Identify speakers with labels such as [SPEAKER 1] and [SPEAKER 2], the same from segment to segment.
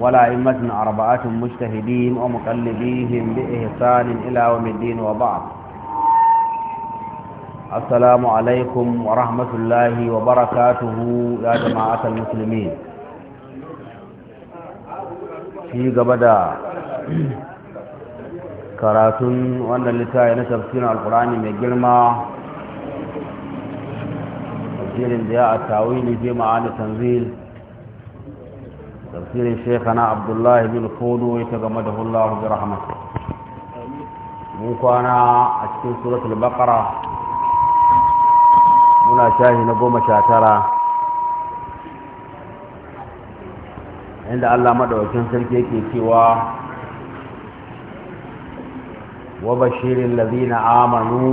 [SPEAKER 1] ولا أئمة أربعة مجتهدين ومقلديهم بإحسان إلى يوم الدين وبعد السلام عليكم ورحمة الله وبركاته يا جماعة المسلمين في قبدا karatun wannan littafi na tafsirin alkurani mai girma tafsirin da ya a tawili fi ma'ani tanzil تفسير شيخنا عبد الله بن فودو يتغمده الله برحمته من كان أشكي سورة البقرة منا شاهي نقوم شاترا عند الله مدعو كنسل كيكي سوا وبشر الذين آمنوا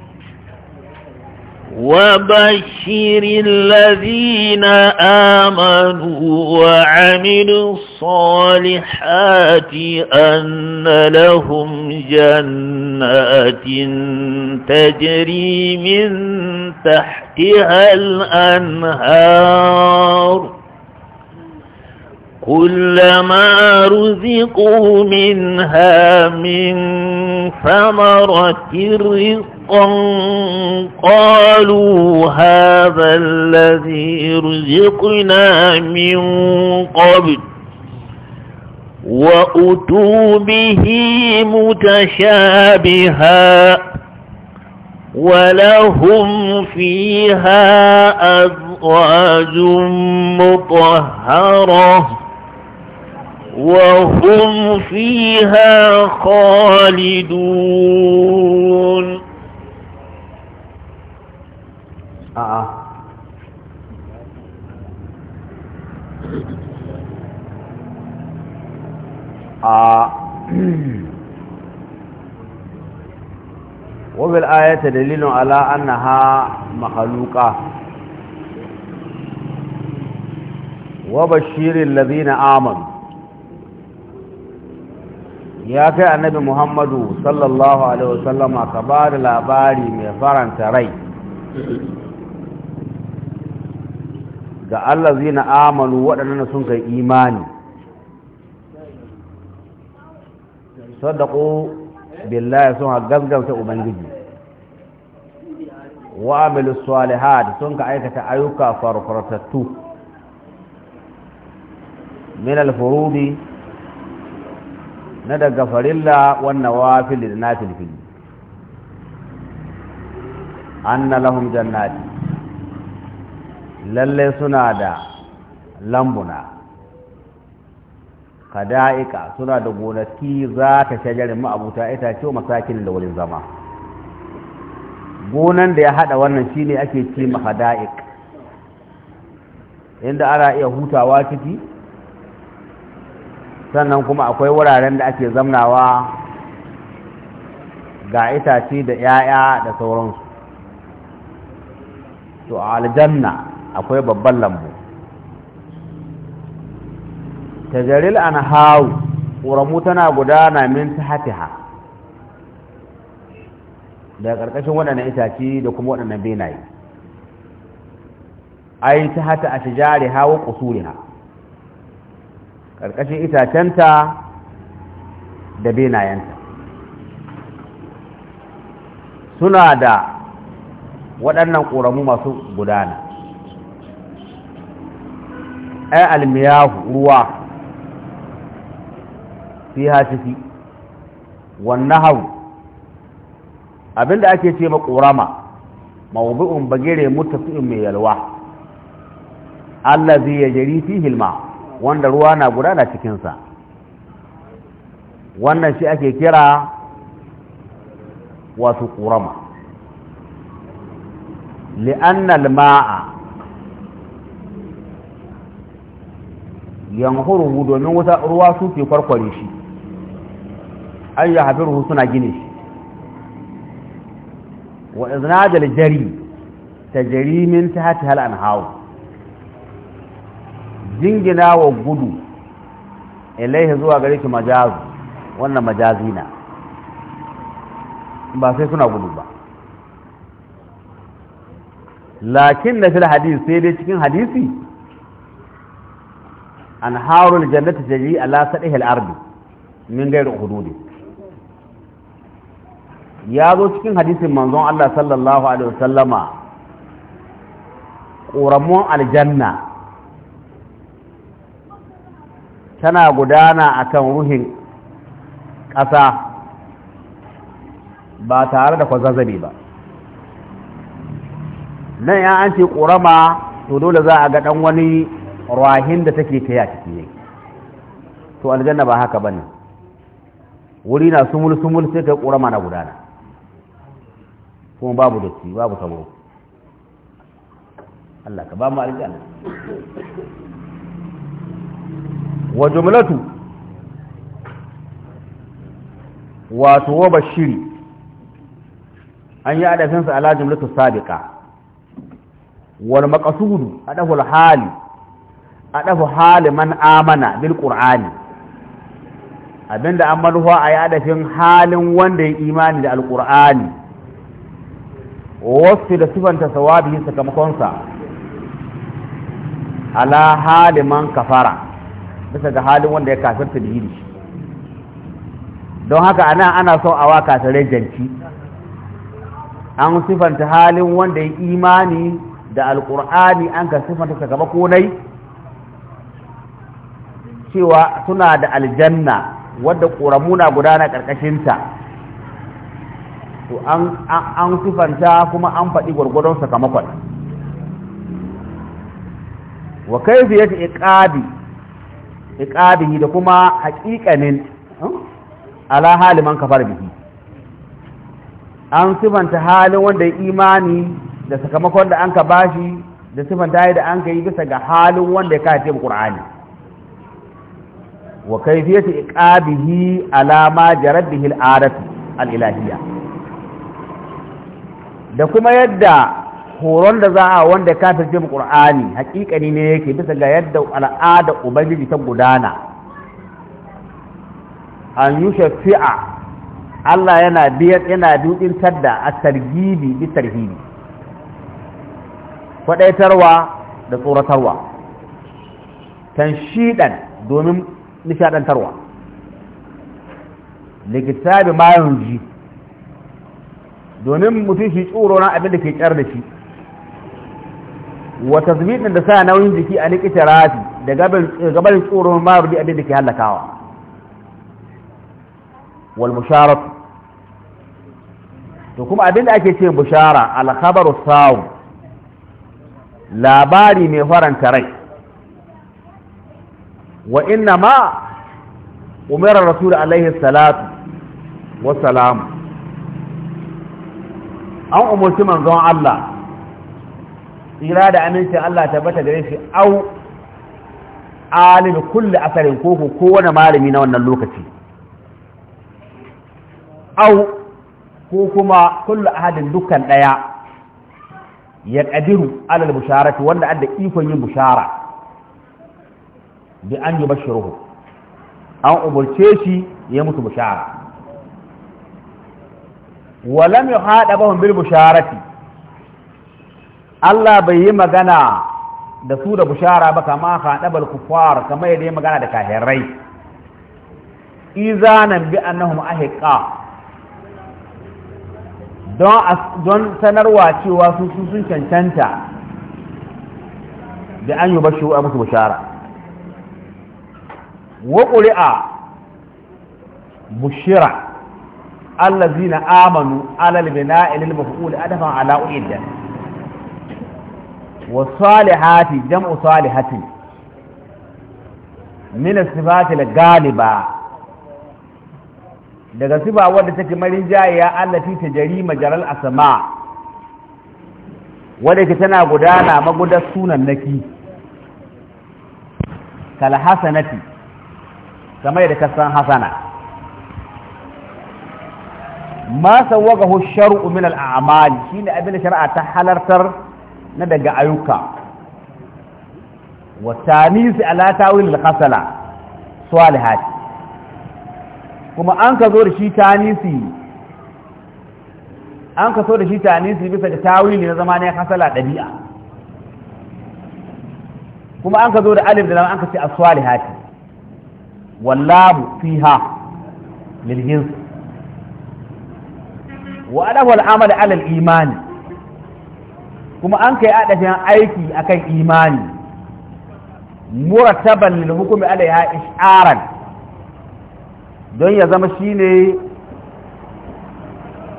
[SPEAKER 2] وبشر الذين آمنوا وعملوا الصالحات أن لهم جنات تجري من تحتها الأنهار كلما رزقوا منها من ثمرة الرزق حقا قالوا هذا الذي رزقنا من قبل وأتوا به متشابها ولهم فيها أزواج مطهرة وهم فيها خالدون
[SPEAKER 1] a'a a wabil ayata dalilin ala annaha makhluqa wa bashirin ladina Aman. ya kai annabi muhammadu sallallahu alaihi wasallama ka ba da labari mai faranta rai ga Allah zai na amanu waɗannan sun kai imani sadaqo billahi sun gaggauta ubangiji wa amilu salihat sun ka aikata ayyuka farfartattu min al furudi na daga farilla wannan wafil da na filfili an lahum jannati Lallai suna da lambuna kada'ika suna da gonaki za ta shajarin ma'abuta itace masakin da wurin zama gonan da ya hada wannan shine ake ce mahada'ik inda ana iya hutawa ciki sannan kuma akwai wuraren da ake zamnawa ga itace da 'ya'ya da sauransu to aljanna akwai babban lambu tajaril an hau ƙoramu tana gudana min ta hatiha da ƙarƙashin waɗannan itace da kuma waɗannan benaye ai ta hata a shijari hawa ƙusuriha ƙarƙashin itacenta da benayenta suna da waɗannan ƙoramu masu gudana ai almiyahu ruwa fi ha ciki wannan hau abinda ake ce ma qurama mawdu'un bagire mutafi'in mai yalwa allazi ya jari alma hilma wanda ruwa na gudana cikinsa wannan shi ake kira wasu qurama li'annal ma'a yanhuruhu domin wuta ruwa su ke kwarkware shi an yi ruhu suna gine shi wa da jari ta jari min ta hati hal'an hawo jingina wa gudu ilaihi zuwa gare shi majazu wannan majazina ba sai suna gudu ba lakin na fil hadisi sai dai cikin hadisi anharul jannati tajri ala sadihi al-ardi min gair hududi ya zo cikin hadisin manzon Allah sallallahu alaihi wasallama ƙoramun aljanna tana gudana akan ruhin ƙasa ba tare da kwazazzabe ba nan ya an ce ƙorama to dole za a ga ɗan wani rahin da take ta a ciki yake to aljanna ba haka bane wuri na sumul sumul sai kai kura na gudana kuma babu dotti babu sabo Allah ka ba mu aljanna wa jumlatu wato wa bashiri an yi adafinsa ala jumlatu sabiqa wal maqsudu adahu al hali a dafu haliman amana bil qur'ani abinda an manuwa a yi halin wanda ya imani da al-qur'ani wasu da sifanta sawabihi sakamakonsa ala haliman kafara bisa ga halin wanda ya kafirta da yiri don haka ana ana son waka kasarai janci an sifanta halin wanda ya imani da al-qur'ani an ka sifanta sakamakonai. cewa suna da aljanna wadda ƙoramuna gudana ƙarƙashinta to an sifanta kuma an faɗi gwargwadon sakamakon wa kaifi ya iqabi iqabihi da kuma haƙiƙanin hmm, ala haliman kafar bihi an sifanta halin wanda ya imani da sakamakon da an ka bashi da sifanta da an ka yi bisa ga halin wanda ya kace Qur'ani wa kaifiyatu iqabihi ala ma jarat bihi al'adat al-ilahiyya da kuma yadda horon da za a wanda kafirce jin qur'ani hakikani ne yake bisa ga yadda al'ada ubangiji ta gudana an yushaffi'a Allah yana biyar yana dukin tadda a targibi bi tarhibi fadaitarwa da tsoratarwa tanshidan domin nishadantarwa likita da ji domin mutum shi tsoro na abin da ke kyar da shi wata zubitin da sa nauyin jiki a likita rafi da gabarin tsoron marudi abin da ke hallakawa wal musharatu to kuma abin da ake ce bushara alkhabaru sawu labari mai faranta rai wa inna ma umarar rasul salatu wa salam an umarci manzon Allah tsira da amincin Allah tabbata gare shi au alim kulli asarin koko kowane malami na wannan lokaci au ko kuma kullu ahadin dukkan ɗaya ya kadiru alal busharati wanda adda ikon yin bushara bi an yi bashiruhu an umarce shi ya mutu bushara walam yi haɗa bahun bil busharati Allah bai yi magana da su da bushara ba kama haɗa bal kufar kama yadda yi magana da kahirai izanan bi annahum ahiqa don don sanarwa cewa su sun cancanta da an yi bashu a musu bushara Waƙuri'a ƙuri'a bushira allazina amanu alal bina'i lil maf'ul adafan ala uidda wa salihati jam'u salihati min sifati al galiba daga sifa wadda take marin jayya allati tajri majaral asma wadda ke tana gudana magudan sunan naki kal hasanati kamar da kasan hasana ma sawwagahu shar'u min al-a'mal shine abin da shari'a ta halartar na daga ayyuka wa tanis ala tawil al-khasala salihat kuma an ka zo da shi tanisi an ka so da shi tanisi bisa ga tawili na zama ne hasala dabi'a kuma an ka zo da alif da lam an ka ce as-salihati wallahu fiha lil jins wa adahu al-amal ala al kuma an kai adafin aiki akan imani murattaban lil hukmi alaiha isharan don ya zama shine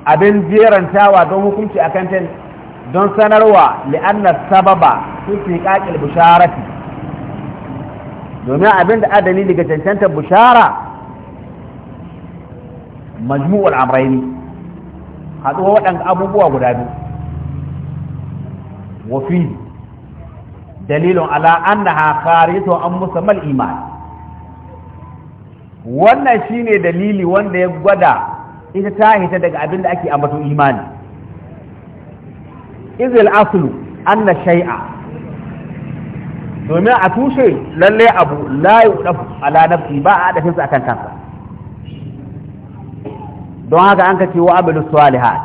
[SPEAKER 1] abin jerantawa don hukunci akan don sanarwa li'anna sababa su fi kaƙil bisharati domin abin da adali daga cancanta bushara majmu'ul amraini haɗuwa waɗanda abubuwa guda biyu wafi dalilun ala annaha kharijun an musamman iman wannan shine dalili wanda ya gwada ita ta hita daga abin da ake ambaton imani izil aslu anna shay'a domin a tushe lallai abu layi ɗafu ala ba a ɗafinsu a kan kansa don haka an kace wa abu salihat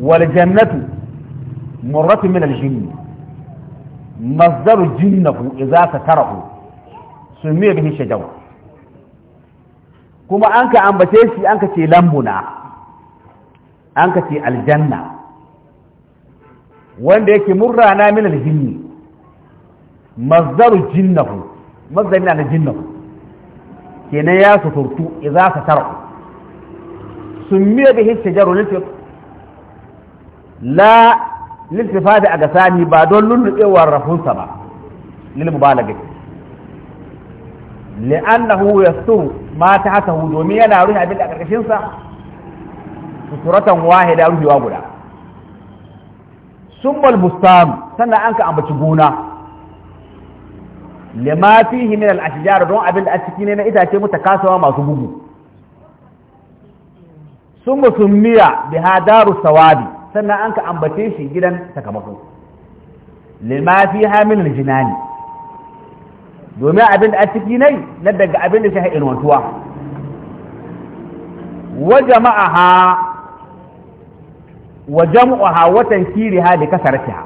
[SPEAKER 1] wal jannatu murratu min al jinn mazdaru jinnahu idza satarahu sumiya bihi shajaw kuma an ka ambace shi an kace lambuna an kace aljanna wanda yake murrana min aljinni mazdaru jinnahu mazdarina na jinnahu kenan ya suturtu idza satara summiya bihi shajaru litif la litifati a gasani ba don lullubewar rafunsa ba lil mubalagati li'annahu yasturu ma ta hasahu domin yana rufe abin da karkashin sa suturatan wahida ruhiwa guda sun bustan sannan an ka ambaci gona lima fihi min al-ashjar don abin da a ciki ne na itace mu takasawa masu bugu summa miya bi hadaru sawabi sannan an ka ambace shi gidan sakamako lima fiha min al-jinani domin abin da a ciki ne na daga abin da shi irin wantuwa wa jama'aha wa jam'uha wa tankiriha da kasaratiha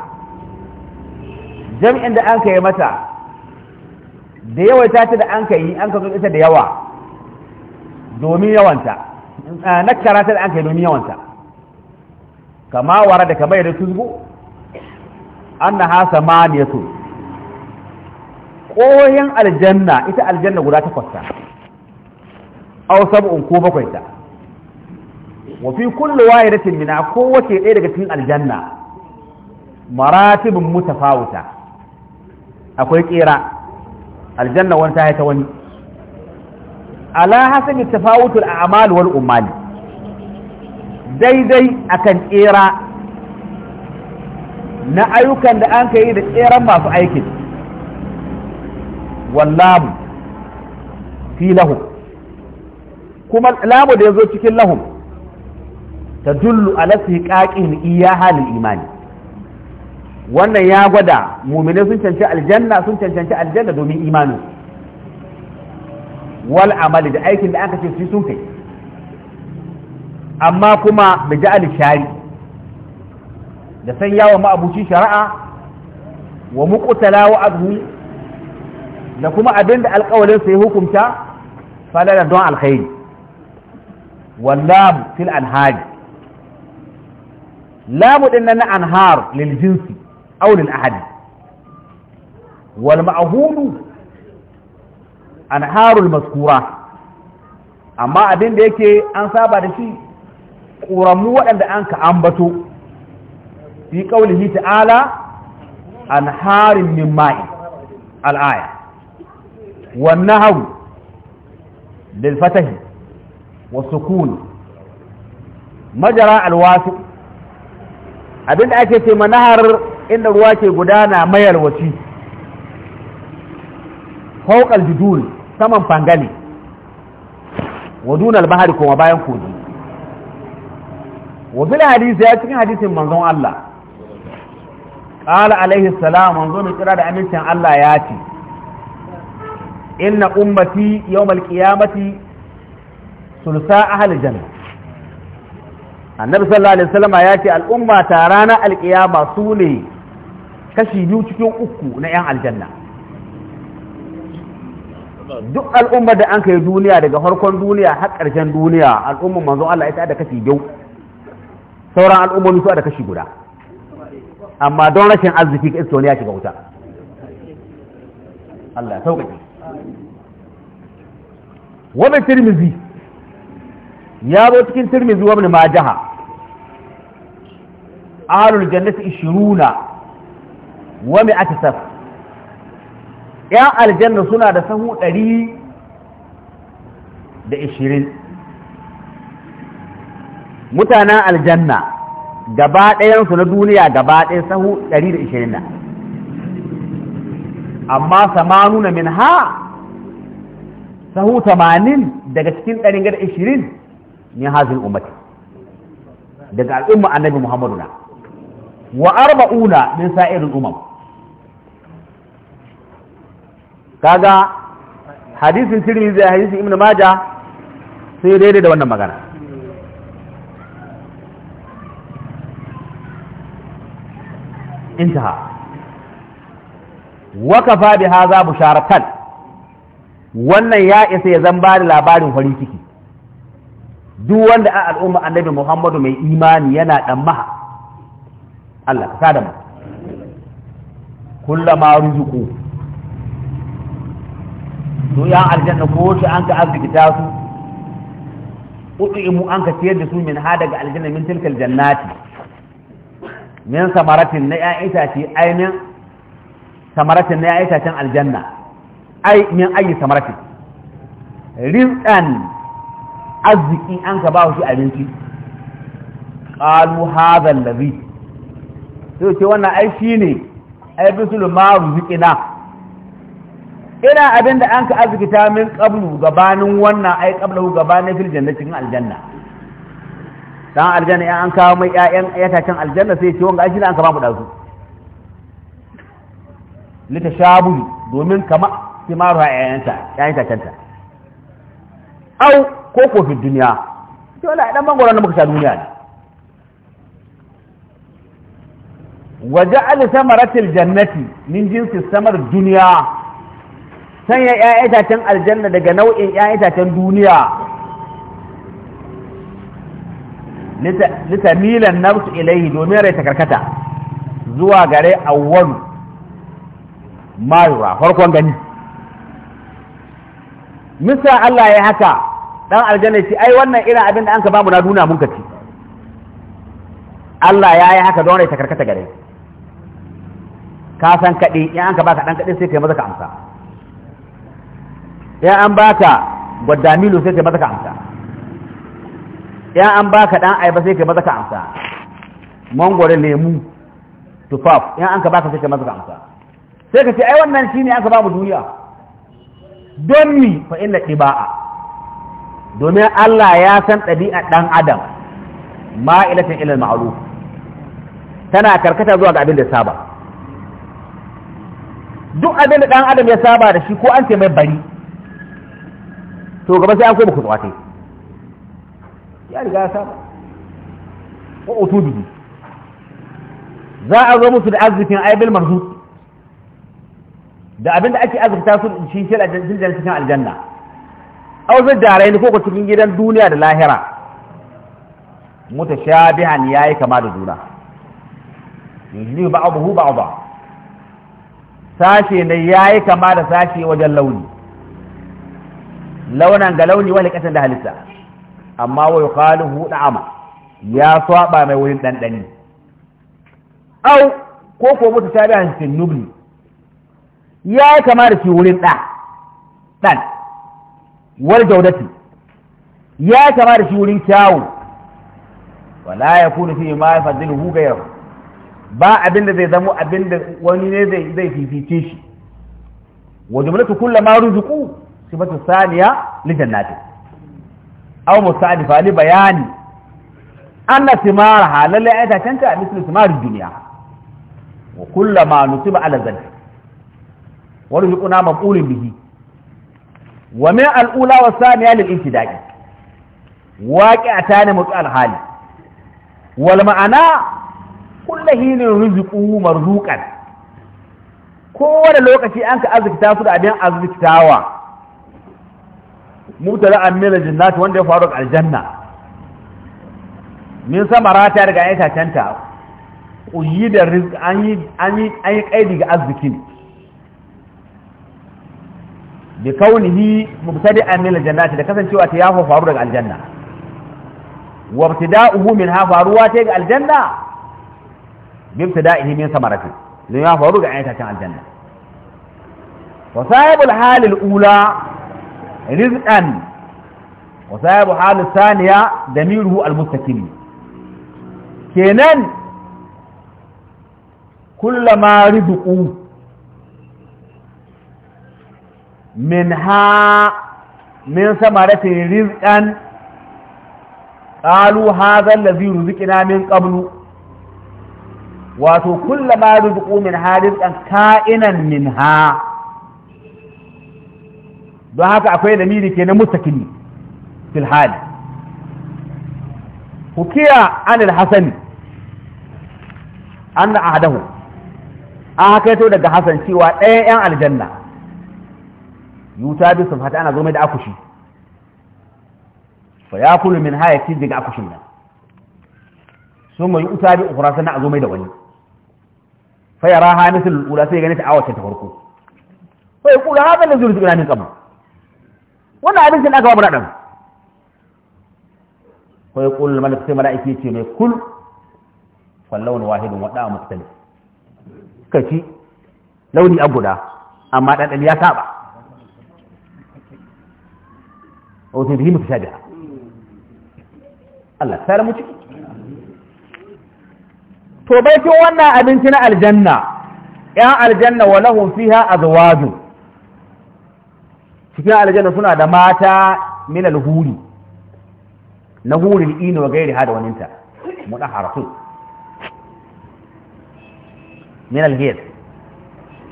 [SPEAKER 1] jam'in da an kai mata da yawa ta da an kai an ka ita da yawa domin yawanta na ta da an kai domin yawanta kama wara da kamar da tuzgu annaha samaniyatu koyan aljanna ita aljanna guda takwas ta aw sab'un ko bakwai ta wa fi kulli wahidatin min kowace ɗaya daga cikin aljanna maratibun mutafawuta akwai kera aljanna wani ta ta wani ala hasabi tafawutul a'mal wal ummal daidai akan kera na ayyukan da an kai da keran masu aikin wallam fi lahum kuma lamu da yazo cikin lahum tadullu ala siqaqin iyaha lil imani wannan ya gwada mu'mini sun cancanci aljanna sun cancanci aljanna domin imani wal amali da aikin da aka ce su sun kai amma kuma bi ja'al shari da san yawo shari'a wa muqtala wa da kuma abinda alƙawalin sai hukunta falala don alkhairi wallam fil anhaji lamu na nan anhar lil jinsi aw ahadi wal ma'hud anharul maskura amma abin da yake an saba da shi ƙoramu waɗanda an ka ambato fi ƙaulihi ta'ala an harin min ma'i al'aya wannan hau lilfatahi wa sukun majara alwasu abinda ake ce manahar inda ruwa ke gudana mayalwaci fawqal judul saman fangale wa dunal bahari kuma bayan kogi wa bil hadisi ya cikin hadisin manzon Allah qala alaihi salam manzon kira da amincin Allah ya ce inna ummati yawmal qiyamati sulsa ahli janna annabi sallallahu alaihi wasallam ya ce al'umma ta ranar alƙiyama su ne kashi biyu cikin uku na yan aljanna duk al'ummar da an kai duniya daga farkon duniya har ƙarshen duniya al'umma manzo Allah ita da kashi biyu sauran al'ummomi su da kashi guda amma don rashin arziki ka ya shiga wuta Allah sauƙaƙe wani tirmizi ya zo cikin tirmizi wani majaha ahlul jannati ishiruna wa mi'ati saf ya aljanna suna da sahu ɗari da ishirin mutanen aljanna gaba ɗayansu na duniya gaba ɗaya sahu ɗari da ishirin na amma samanu na min ha sahu tamanin daga cikin ɗarin gada ishirin min hazin umati daga al'umma annabi muhammadu na wa arba'una min sa'irin umam kaga hadisin tirmidhi da hadisin ibnu maja sai daidai da wannan magana intaha wa kafa bi hadha busharatan wannan ya isa ya zamba ba da labarin farin ciki duk wanda a al'umma annabi Muhammadu mai imani yana dan maha Allah ka sada mu kullama ruzuku su yan aljanna ko shi an ka arzikita su mu an ka ciyar da su min ha daga aljanna min tilkal jannati min samaratin na ya itace ai min samaratin na ya itacen aljanna ai min ayi samaratin rizqan arziki an ka ba shi abinci qalu hadha allazi sai ce wannan ai shi ne ai bisul maru zikina ina abin da an ka azkita min qablu gabanin wannan ai qablahu gabanin fil jannati cikin aljanna dan aljanna ya an kawo mai ƴaƴan yatacen aljanna sai ce wanga shi ne an ka ba mu dazu litashabuli domin kama kimaru ƴaƴanta ƴaƴan tacenta au ko ko fi duniya dole dan bangaren da muka sha duniya ne waja'al samaratil jannati min jinsi samar duniya sanya ya'ya itacen aljanna daga nau'in ya'ya itacen duniya litamilan nafsu ilaihi domin rai ta zuwa gare awwalu mayura farkon gani misa Allah ya haka dan aljanna ce ai wannan irin abin da an ka bamu na duniya mun ka Allah ya yi haka don rai ta gare ka san kaɗi in an ka baka ɗan kaɗi sai kai maza ka amsa in an baka gwadda milo sai kai maza ka amsa in an baka ɗan aiba sai kai maza ka amsa mangwaro lemu tufaf in an ka baka sai kai maza ka amsa sai ka ce ai wannan shine an ka ba mu duniya don mi fa inna ɗiba'a domin Allah ya san ɗabi'a ɗan adam ma'ilatan ilal ma'ruf tana karkata zuwa ga abin da saba duk abin da dan adam ya saba da shi ko an ce mai bari to gaba sai an koma ku tsawatai ya riga ya saba ko utubi za a zo musu da arzikin aibil marzut da abin da ake azurta su shi shi aljanna cikin aljanna aw zai darai ne ko cikin gidan duniya da lahira mutashabihan yayi kama da juna yajri ba'dahu ba'dahu sashe ne ya yi kama da sashe wajen launi launan ga launi wani kasan da halitta amma wa yi kwalin ama ya saba mai wurin ɗanɗani au ko ko mutu ta biya cikin nubli ya yi kama da shi wurin ɗan ɗan wal jaudati ya yi kama da shi wurin kyawu wala ya kunu fi ma ya fadilu hu ga yau ba abin da zai zamo abin da wani ne zai fifice shi wa jumlatu kullu ma ruzuqu sifatu saniya li jannati aw musta'nifa li bayani anna simaraha lalle ayata tanta mislu simar dunya wa kullu ma nusiba ala zalika wa ruzuquna maqulun bihi wa min al-ula wa thaniya lil ibtida'i waqi'atan mut'al hali wal ma'ana kulla hinin riziku marzuqan kowane lokaci an ka azikta su da abin azurtawa mutala amila jinnat wanda ya faru aljanna min samarata daga aitacenta uyi da rizq an yi an yi an yi kaidi ga azzikin bi kaunihi mubtadi'an min aljannati da kasancewa ta ya faru daga aljanna wa ibtida'uhu minha faruwa ta ga aljanna بابتدائه من ثمرته لما فاروق عن تاتين الجنة وصاحب الحال الأولى رزقا وصاحب الحال الثانية دميره المستكين كينان كلما رزقوا منها من ثمرة رزقا قالوا هذا الذي رزقنا من قبله wato kulla ma rizqu min halin dan ka'inan minha don haka akwai lamiri ke na mutakini fil hali hukiya an al-hasan an ahadahu an haka yato daga hasan cewa ɗaya yan aljanna yuta bi sufata ana zo mai da akushi fa yakulu min hayati daga akushin nan sun mai yuta bi ukura sana a zo mai da wani fa yara ha misul ula sai gane ta awace ta farko sai ya kula hada lazuru su ganin qabl wannan abincin aka ba dan fa ya kula malaka sai malaiki ce mai kul fallawun wahidun a muktali kaci launi a guda amma dan ya saba wato bihi mutashabiha Allah sai mu ciki to baitin wannan abinci na aljanna ‘yan aljanna wa lahum fiha azwaju cikin aljanna suna da mata min alhuri na hurin ino wa gairi hada waninta mudaharatu min alhir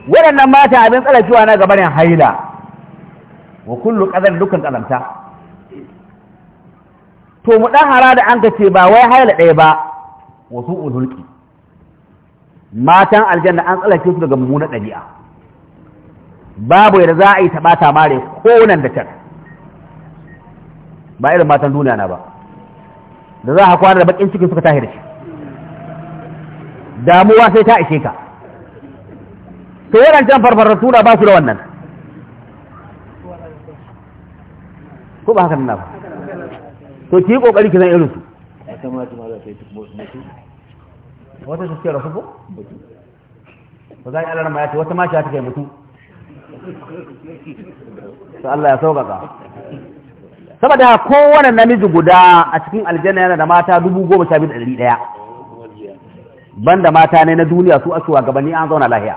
[SPEAKER 1] waɗannan mata abin tsalakewa na gabanin haila wa kullu qadar dukkan kazanta to mudahara da an ka ce ba wai haila ɗaya ba wasu ulhulki matan aljanna an tsallake su daga mummunan ɗabi'a babu yadda za a yi ta mare ko nan da can ba irin matan duniya na ba da za a kwana da bakin cikin suka tashi da shi damuwa sai ta ishe ka to waɗancan farfarar tura ba su da wannan ko ba haka nan ba to ki yi ƙoƙari ki zan su. wata su ce rasu ko ba za a yi alar ma ya ce wata ma shi ta kai mutu
[SPEAKER 3] sai Allah ya sauƙaƙa
[SPEAKER 1] saboda kowane namiji guda a cikin aljanna yana da mata dubu goma sha biyu da ɗari ɗaya banda mata ne na duniya su ake gabanni an zauna lahiya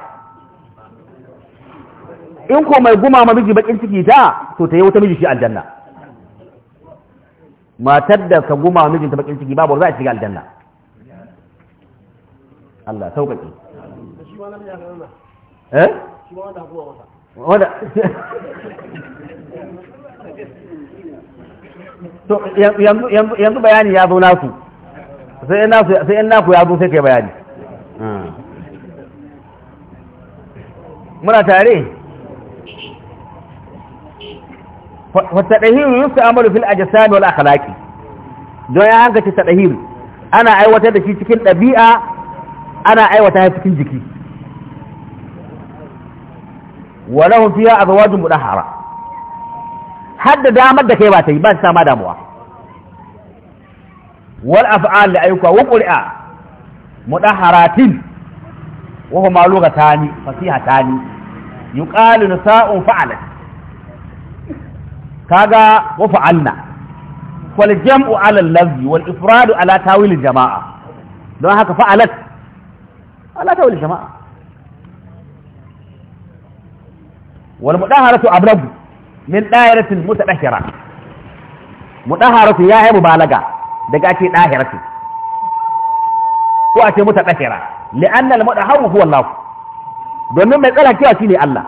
[SPEAKER 1] in ko mai guma ma miji bakin ciki ta to ta yi wata miji shi aljanna matar da ka guma mijinta bakin ciki babu za a shiga aljanna Allah sauƙaƙe eh, eh?
[SPEAKER 3] wanda
[SPEAKER 1] to yanzu bayani ya zo naku sai naku naku ya zo sai kai bayani hmm. muna tare wata ɗahiru yusu amalu fil ajasami wal akhlaqi don ya hankaci ta ɗahiru ana aiwatar da shi cikin ɗabi'a ana aiwata ya cikin jiki walahun fiya a zawajin mudahara har da damar da kai ba ta yi ba ta ma damuwa wal af'al da ayyuka wa qur'a mudaharatin wa huma lughatani fasihatani yuqalu nisa'un fa'alat kaga wa fa'alna wal jam'u ala al-lafzi wal ifradu ala tawil jama'a don haka fa'alat لا تقول جماعة والمداهرة أبلغ من دائرة متأخرة مداهرة يا هي مبالغة دقاتي داهرة كواتي متأخرة لأن المداهرة هو الله دون من يقول لك يأتيني الله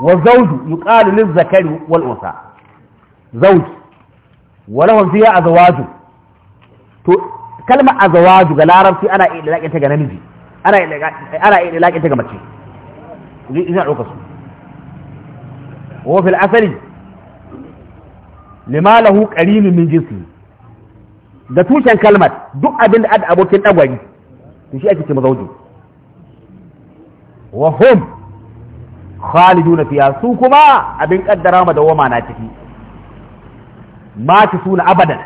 [SPEAKER 1] والزوج يقال للزكر والأنثى زوج ولهم فيها أزواج كلمة أزواج قال العرب أنا إيه لا أنت جنبي ana iya laƙin ga mace duk ina ɗauka su asali Limalahu lahu min jinsi da tushen kalmar duk abin da ada abokin ɗagwari to shi ake ce mazauji wa hum na fiya su kuma abin ƙaddara ma na ciki ma suna abadan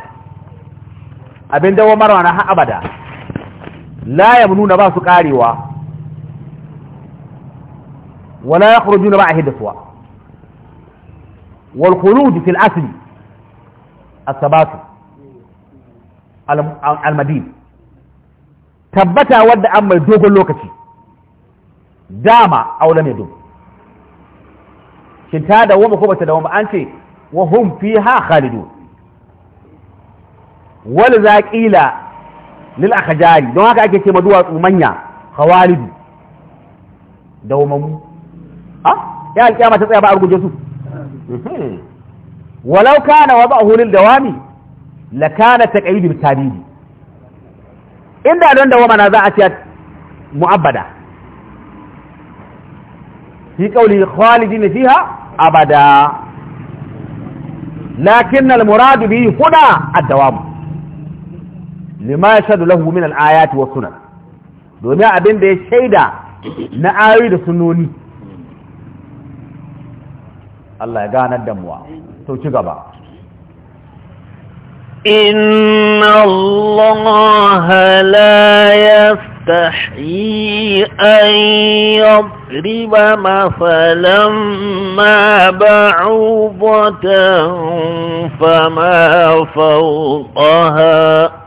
[SPEAKER 1] abin dawamar na ha abada la yamnuna ba su karewa wala yakhrujuna ba a ahdasuwa wal khulud fil asli a sabat al-madin tabbata wadda an mai dogon lokaci dama aula mai dogon shin ta dawoma ko bata da dawoma an ce wa hum fiha khalidun wal zaqila lil akhjari don haka ake ce ma duwatsu manya khawalidu dawmamu ah ya alkiyama ta tsaya ba a rubuce su walau kana wada'uhu lil dawami lakana taqayyud bil tabidi inda don dawama na za a ce mu'abbada fi qawli khalidin fiha abada lakin al muradu bi huda ad-dawam lima shadu lahu min al-ayat wa sunan domin abin da ya shaida na ayoyi da sunoni Allah ya ganar da muwa to ci gaba
[SPEAKER 2] إن الله لا يستحيي أن يضرب مثلا ما بعوضة فما فوقها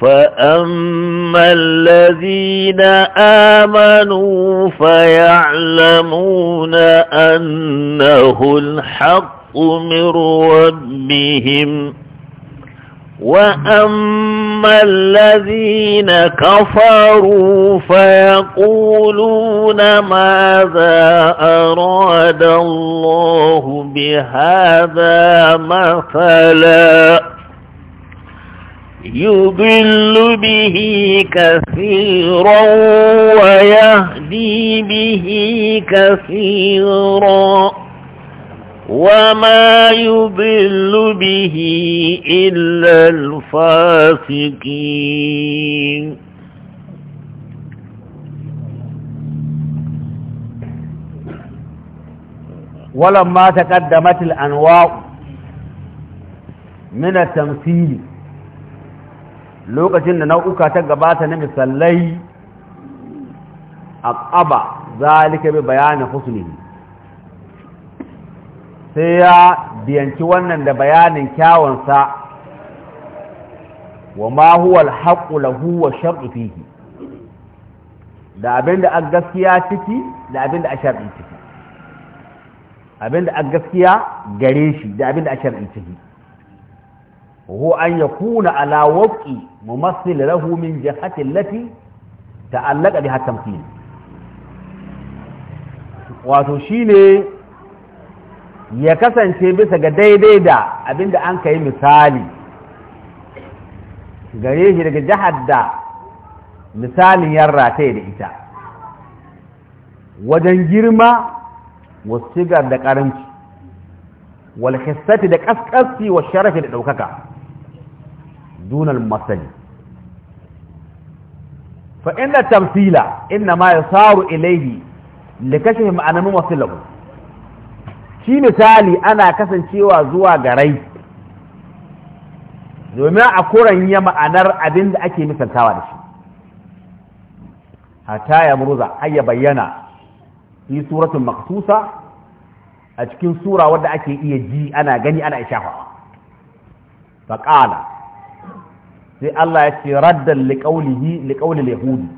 [SPEAKER 2] فأما الذين آمنوا فيعلمون أنه الحق من ربهم وأما الذين كفروا فيقولون ماذا أراد الله بهذا مثلاً يضل به كثيرا ويهدي به كثيرا وما يضل به إلا
[SPEAKER 1] الفاسقين ولما تقدمت الأنواع من التمثيل lokacin da nau'uka ta gabata na misallai a ƙaba zalika bi bayanin husnihi sai ya biyanci wannan da bayanin kyawunsa wa ma huwa alhaqqu lahu wa shar'u fihi da abinda a gaskiya ciki da abinda a shar'i ciki abinda a gaskiya gare shi da abinda a shar'i ciki وهو أن يكون على وفق ممثل له من جهة التي تعلق بها التمثيل وتشيني ya kasance bisa ga daidai da abinda an ka misali gare daga jihar da misalin yan rataye da ita wajen girma wasu da karanci walhissati da ƙasƙasi wa sharafi da ɗaukaka دون المثل فإن التمثيل إنما يصار إليه لكشف معنى ممثله shi misali ana kasancewa zuwa garai domin a ya ma'anar abin da ake misaltawa da shi hata ya murza har ya bayyana fi suratun maksusa a cikin sura wadda ake iya ji ana gani ana ishafa faƙala sai Allah ya ce raddan liqaulihi liqaulil yahudi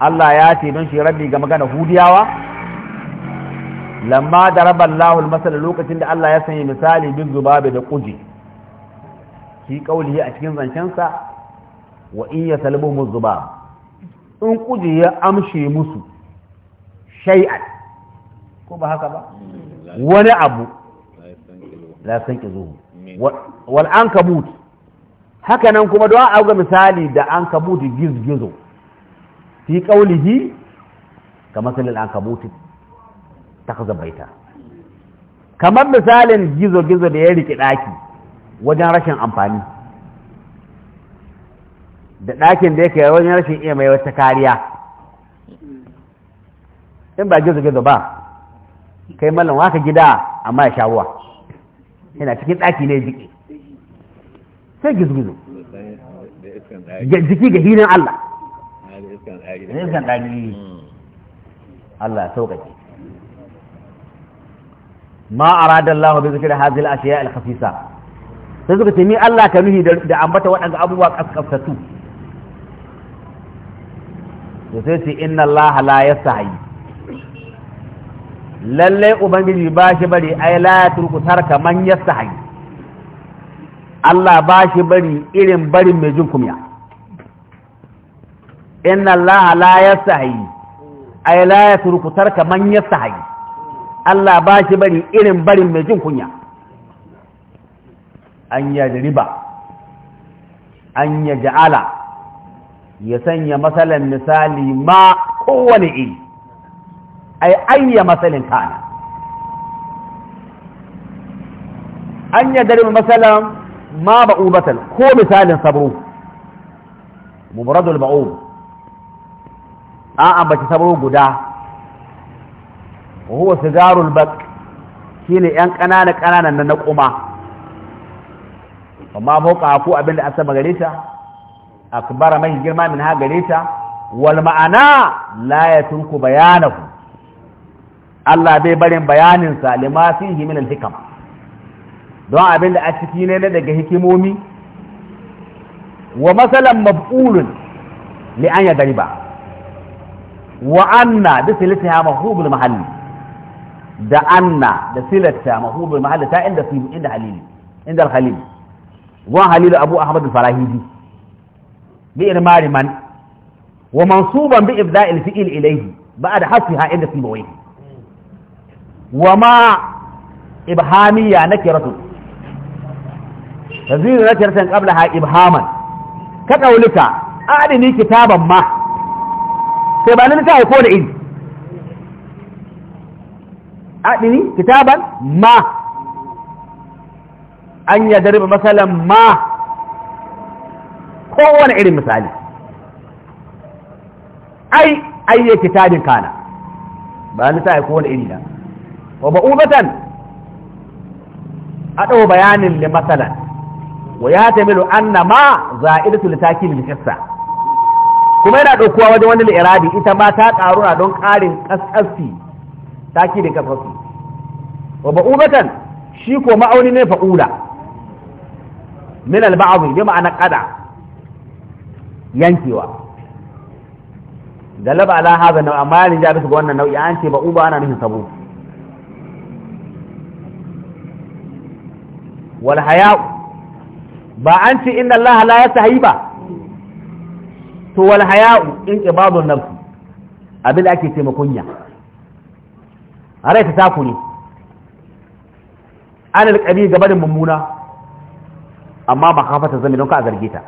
[SPEAKER 1] Allah ya ce don shi raddi ga magana hudiyawa lamma daraba Allahu al lokacin da Allah ya sanya misali bin zubabe da kuji shi kaulihi a cikin zancensa wa in yasalbuhum zuba in kuji ya amshe musu shay'an ko ba haka ba wani abu la sanki zuhu wal ankabut hakanan kuma don auga misali da an kabuti gizgizo fi kaulihi ga masalin an kabuti takzabaita kamar misalin gizo-gizo da ya rike daki wajen rashin amfani da ɗakin da yake wajen rashin iya mai wata kariya in ba gizo-gizo ba kai mallam haka gida amma ya sha ruwa yana cikin ɗaki ne jiki sai gizgizo jiki ga hinin Allah da iskan ɗari Allah ya sauƙaƙe ma arada Allah bi zikri hadhihi al-ashiya al-khafisa sai suka ce ni Allah ka nuhi da ambata waɗanda abubuwa kaskafsatu to sai ce inna Allah la ya yastahi lalle ubangiji ba shi bari ay la ya turku tarka man yastahi Allah ba shi bari irin barin mai jin kumya inna Allah la yasahi ay la yatruku tarka man yasahi Allah ba shi bari irin barin mai jin kunya an ya riba an ya ja'ala ya sanya masalan misali ma kowane iri ai ayya masalin kana an ya riba masalan ma ba'ubatan ko misalin sabro mubradul ba'ub an ambaci sabro guda huwa sigarul bak shine yan kanana kananan nan na kuma amma fauka ko abinda an saba gare ta akbara mai girma min ha gare ta wal ma'ana la yatruku Allah bai barin bayanin sa lima fihi min al don abin da a ciki ne na daga hikimomi wa masalan maf'ulun li an ya gariba wa anna da silata mahubul mahalli da anna da silata mahubul mahalli ta inda su inda halili inda wa halilu abu ahmad farahidi bi irmari man wa mansuban bi ibda'il fi'il ilayhi ba'da inda wa ma ibhamiya nakiratu تنزيل ذكرة قبلها إبهاما كقولك أعلني كتابا ما سيبانينك يقول إن أعلني كتابا ما أن يضرب مثلا ما kowane irin misali ai ai ya kitabin kana ba ni sai kowane iri da wa bayanin wa ya tamilu anna ma za'idatu litakil lihissa kuma yana ɗaukuwa wajen wani li'irabi ita ma ta ƙarura don ƙarin ƙasƙasfi taki da ƙasƙasfi wa ba'ubatan shi ko ma'auni ne fa'ula min al-ba'd bi ma'ana qada yankewa da laba ala haza na amma yarin ja bisa ga wannan nau'i an ce ba uba ana nufin sabo wal haya ba an ce inna Allah la yastahi ba to wal haya'u in ibadun nafsi abin da ake cewa kunya a ta taku ne an alƙabi gaba da mummuna amma ba ka ta zama don ka zarge ta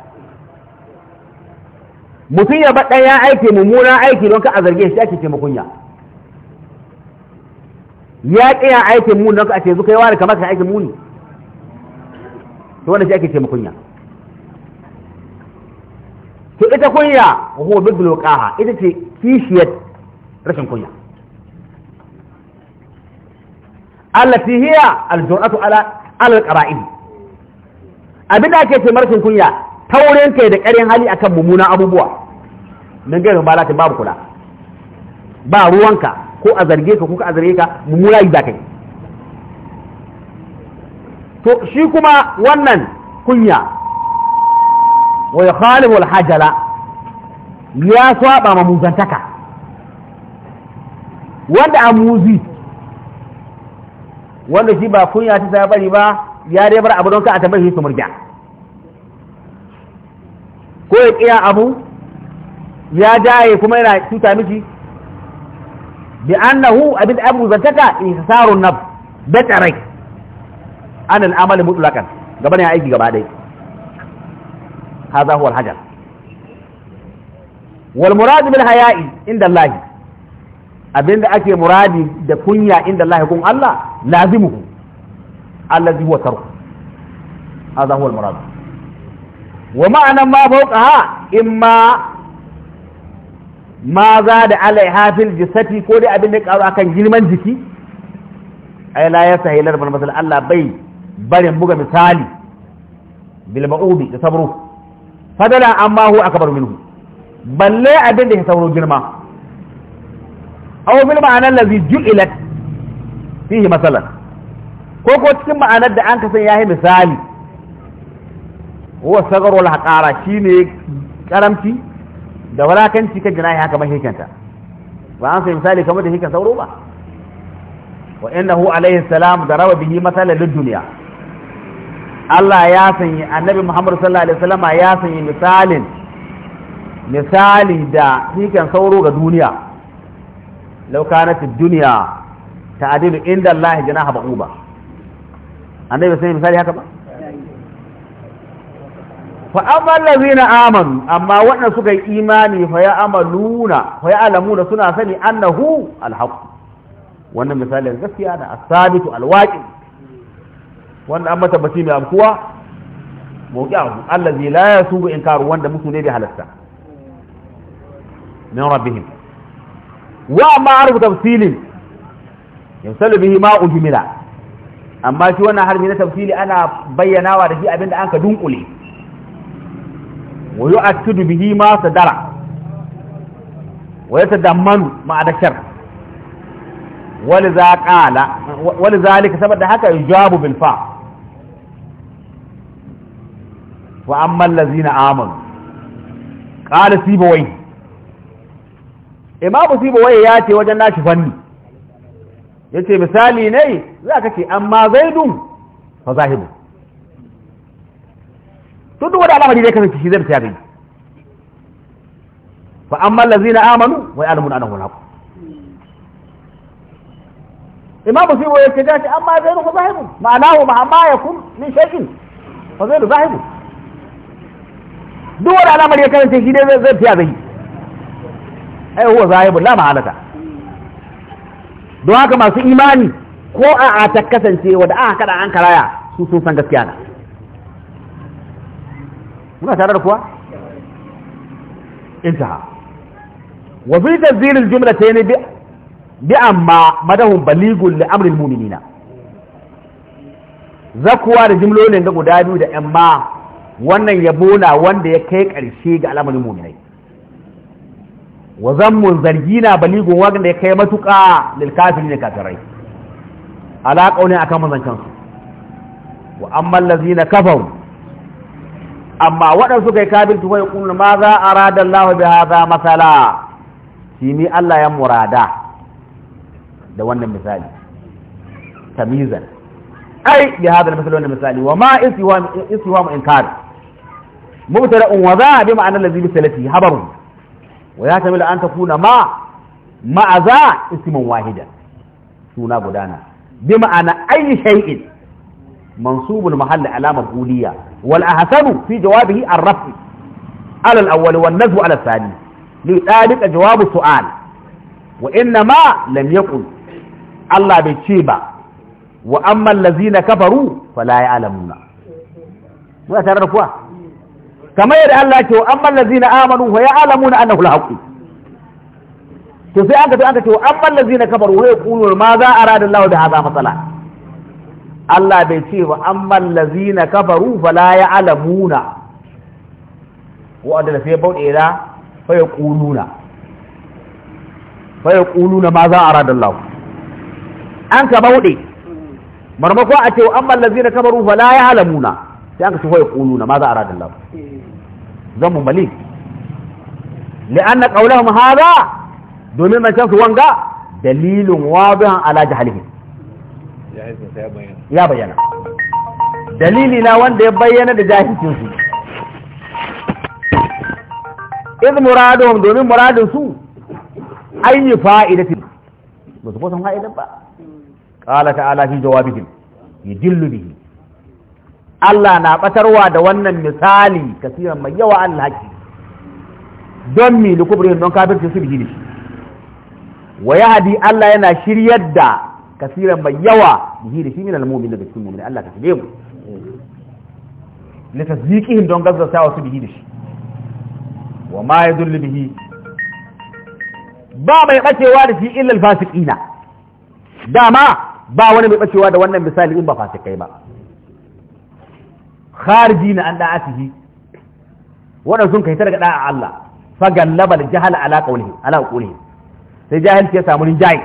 [SPEAKER 1] mutum ya ba ɗaya aiki mummuna aiki don ka a zarge shi ake taimakon ya ya ƙiya aikin muni don ka ce zuka yawa da kamar ka aikin muni to wanda shi ake ce mu kunya to ita kunya huwa bidul qaha ita ce kishiyar rashin kunya allati hiya al-jur'atu ala al-qara'ib abinda ake ce rashin kunya taurin kai da ƙarin hali akan mummunan abubuwa min ba balatin babu kula ba ruwanka ko a zarge ka ko ka a zarge ka mummuna yi yi. to shi kuma wannan kunya wa ya khalibul hajala ya saba ma muzantaka wanda a muzi wanda shi ba kunya ta sai bari ba ya dai bar abu don ka a tambaye su murja ko ya kiya abu ya jaye kuma yana cuta miki bi annahu abin abu zantaka ihsarun nafs batarai an al'amal mutlaqan gaba ne aiki gaba dai hadha huwa al-hajar wal murad bil haya'i inda Allah abinda ake muradi da kunya inda Allah kun Allah lazimuhu allazi huwa tarku hadha huwa al murad wa ma'ana ma fawqaha imma ma za da alaiha fil jisati ko da abin da ya karu akan girman jiki ai la ya sahilar bar masal Allah bai barin buga misali bil ma'ubi da sabro fadala amma hu akbar minhu balle abin da ya sauro girma aw bil ma'ana allazi ju'ilat fihi masalan ko ko cikin ma'anar da an ka san yayi misali huwa sagaru al haqara shine karamci da walakanci kan jinahi haka mahikanta ba an sai misali kamar da hikan sauro ba wa innahu alayhi salam da daraba bihi masalan lid dunya Allah ya sanya annabi Muhammad sallallahu alaihi wasallama ya sanya misalin misali da hikan sauro ga duniya law kanat ta dunya ta'dilu inda Allah janaha ba annabi sai misali haka ba fa amma allazina aman amma waɗanda suka yi imani fa ya amaluna fa ya alamuna suna sani annahu alhaq wannan misalin gaskiya da asabitu alwaqi wanda an mata basi mai amkuwa mawqi'ahu allazi la yasubu inkaru wanda musu ne bai halasta min rabbihim wa amma arfu tafsilin yamsalu bihi ma ujmila amma shi wannan harfi na tafsili ana bayyanawa da shi abinda an ka dunkule wa yu'akkidu bihi ma sadara wa yatadammanu ma da shar ولذا قال ولذلك سبب ده هكا يجاب بالفاء wa amman lazina amanu qala sibawai imamu wai ya ce wajen nashi fanni ya ce misali ne za ka ce amma zaidun fa zahibu tun duk wani al'amari zai kasance shi zai fita gani fa amma lazina amanu wa ya'lamun annahu al-haqq imam sibo yake da shi amma zaidun fa zahibu ma'anahu ma'amma amma kun min shay'in fa zaidun zahibu duk wani alamar ya karanta shi dai zai fiya zai ai huwa zahibu la mahalata don haka masu imani ko a a ta kasance wadda aka kada an karaya su sun san gaskiya na muna tare da kuwa inta wa fi tazir al-jumlatayn bi bi amma madahum balighun li amri al-mu'minina zakuwa da jumlolin ga guda biyu da amma wannan yabo na wanda ya kai ƙarshe ga al'amarin muminai wa mun zargi na baligun wanda ya kai matuƙa lil kafiri ne kafirai ala kaune akan mazancan su wa amma allazina kafaru amma waɗansu kai kafirci wa yaquluna ma za a arada Allah bi hadha masala shi ni Allah ya murada da wannan misali tamizan ai bi hadha misali wannan misali wa ma isiwa isiwa inkar مبتدا وذا بمعنى الذي بثلاثه خبر ويحتمل ان تكون ما مع ذا اسم واحدا سونا غدانا بمعنى اي شيء منصوب المحل على مفعوليه والاحسن في جوابه الرفع على الاول والنزو على الثاني لذلك جواب السؤال وانما لم يقل الله بيتشيبا واما الذين كفروا فلا يعلمون وتعرفوا kamar yadda Allah ce wa amman lazina amanu wa ya'lamuna annahu al-haqq to sai aka to aka ce wa amman lazina kafaru wa yaquluna ma za arada Allah bi hadha masala Allah bai ce wa amman lazina kafaru fala ya'lamuna wa adala sai bauɗe da fa yaquluna fa yaquluna ma za arada Allah an ka bauɗe marmako a ce wa amman lazina kafaru fala ya'lamuna sai an ka tafi ya ƙulu na ma za a radin lafi zan mu malik li'anna qawluhum hadha domin can su wanga dalilun wadihan ala jahalihi ya bayyana dalili na wanda ya bayyana da jahilcin su iz muraduhum domin muradin su ayi fa'idatin ba su ko san fa'idan ba qala ta'ala fi jawabihim yudillu bihi Allah na batarwa da wannan misali kasiran mai yawa Allah haki don mi likubirin don kafirci su bihi shi wa yahdi Allah yana shiryar da kasiran mai yawa bihi da shi min almu'min da cikin mu'min Allah ka shige mu li tasdiqihim don gazzata wa su bihi da shi wa ma yadullu bihi ba mai ɓacewa da shi illa alfasiqina dama ba wani mai ɓacewa da wannan misali in ba fasikai ba khariji na an da'atihi wadan sun kai ta daga Allah fa gallaba jahala ala qawlihi ala qawlihi sai jahilci ya samu rinjayi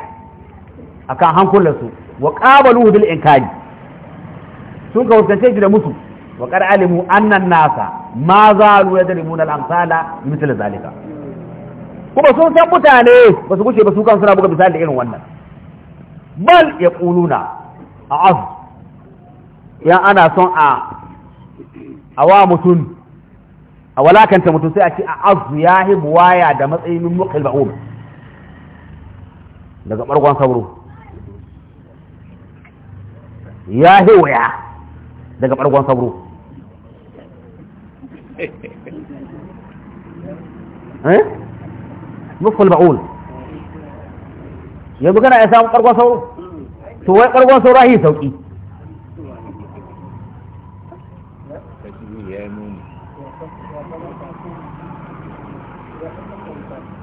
[SPEAKER 1] akan hankulan su wa qabaluhu bil inkari sun ka wuskance shi da musu wa alimu anna nasa ma zalu kuma sun san mutane ba su gushe ba su kan suna buga misali da irin wannan bal a asu, yan ana son a a wa mutum a walakanta mutum sai a ce a azu ya yi buwaya da matsayin nukil ba'um daga ɓargon sauro ya yi waya daga ɓargon sauro eh nukil ba'ul yanzu kana ya samu ɓargon sauro to wai ɓargon sauro ya yi sauƙi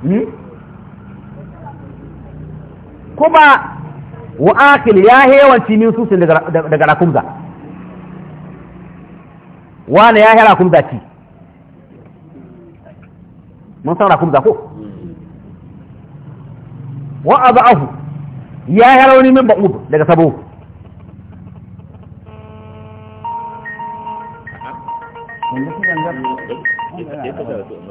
[SPEAKER 1] Hmm? kuma wa akil ya hewanci min susin daga rakumza wane ya hera rakumza ci mun san rakumza ko wa za'ahu ya hera wani min ba'ud daga sabo Thank you.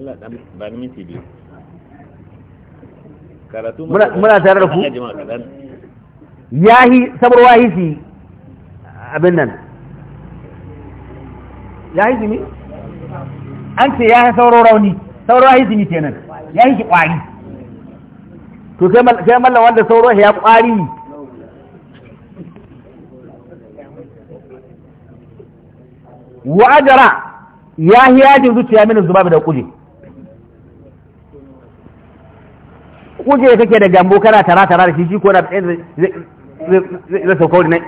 [SPEAKER 1] Allah dan ba ni minti biyu karatu muna tare da ku yahi sabar fi abin nan yahi ni? an ce yahi sabar rauni sauro wahisi ni kenan yahi ki kwari to sai mallan wanda wahi ya kwari wa ajara yahi yajin zuciya mini zubabi da kuje kuje kake da gambo kana tara tara da shi shi ko da
[SPEAKER 3] zai
[SPEAKER 1] sauka wani nan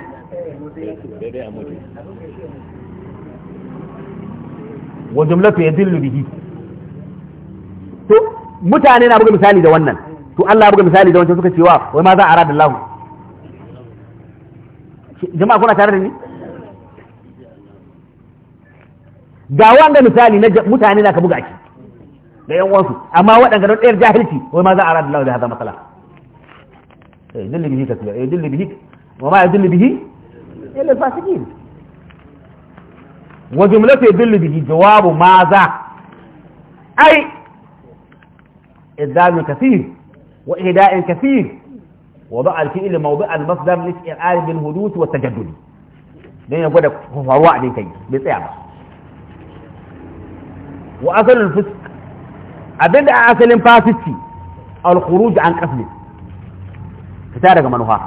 [SPEAKER 1] wa jumlatu yadillu bihi to mutane na buga misali da wannan to Allah buga misali da wancan suka cewa wai ma za a rada lahu jama'a kuna tare da ni ga wanda misali na mutane na ka buga shi da yan uwansu amma waɗanda don ɗayar jahilci wai ma za a rada lau da hada matsala eh dilli bihi ka eh dilli bihi wa ma yadilli bihi illa fasikin wa jumlatu yadilli bihi jawabu ma za ai idamu kathir wa ihda'in kathir وضع الفعل موضع المصدر للاستعاره بالحدوث dan ya gwada faruwa abin kai bai tsaya ba wa asalul Abin da a asalin fasici al-khuruj an qasli fita daga manufa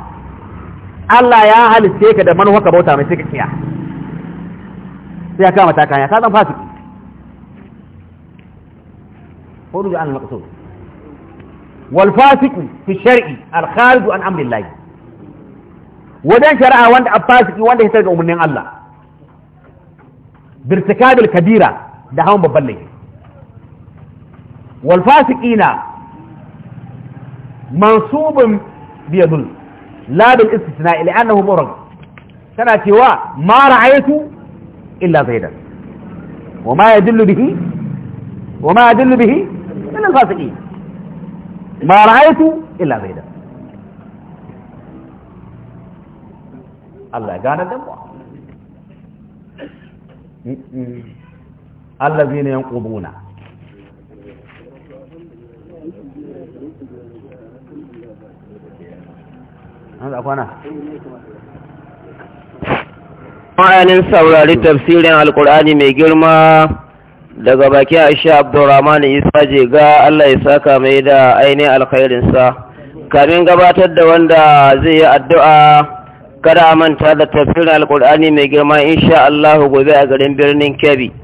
[SPEAKER 1] Allah ya halitte ka da manufa ka bauta mai sai ka kiya sai ka mata kanya ka zan fasiki khuruj an al-maqsud wal fasiqu fi shar'i al-kharij an amri Allah wajen shari'a wanda a fasiki wanda ya sarga umurnin Allah birtikabil kabira da hawan babban laifi والفاسقين منصوب بيدل لا بالاستثناء لأنه مرغ سنة سوى ما رأيت إلا زيدا وما يدل به وما يدل به إلا الفاسقين ما رأيت إلا زيدا الله قال الدموع الذين ينقضون
[SPEAKER 2] ma'anin saurari tafsirin alkur'ani mai girma daga baki aisha abdurrahman isa je ga allah ya saka mai da ainihin alkhairinsa kamin gabatar da wanda zai yi addu'a kada a manta da tafsirin alkur'ani mai girma insha allahu gobe a garin birnin kebbi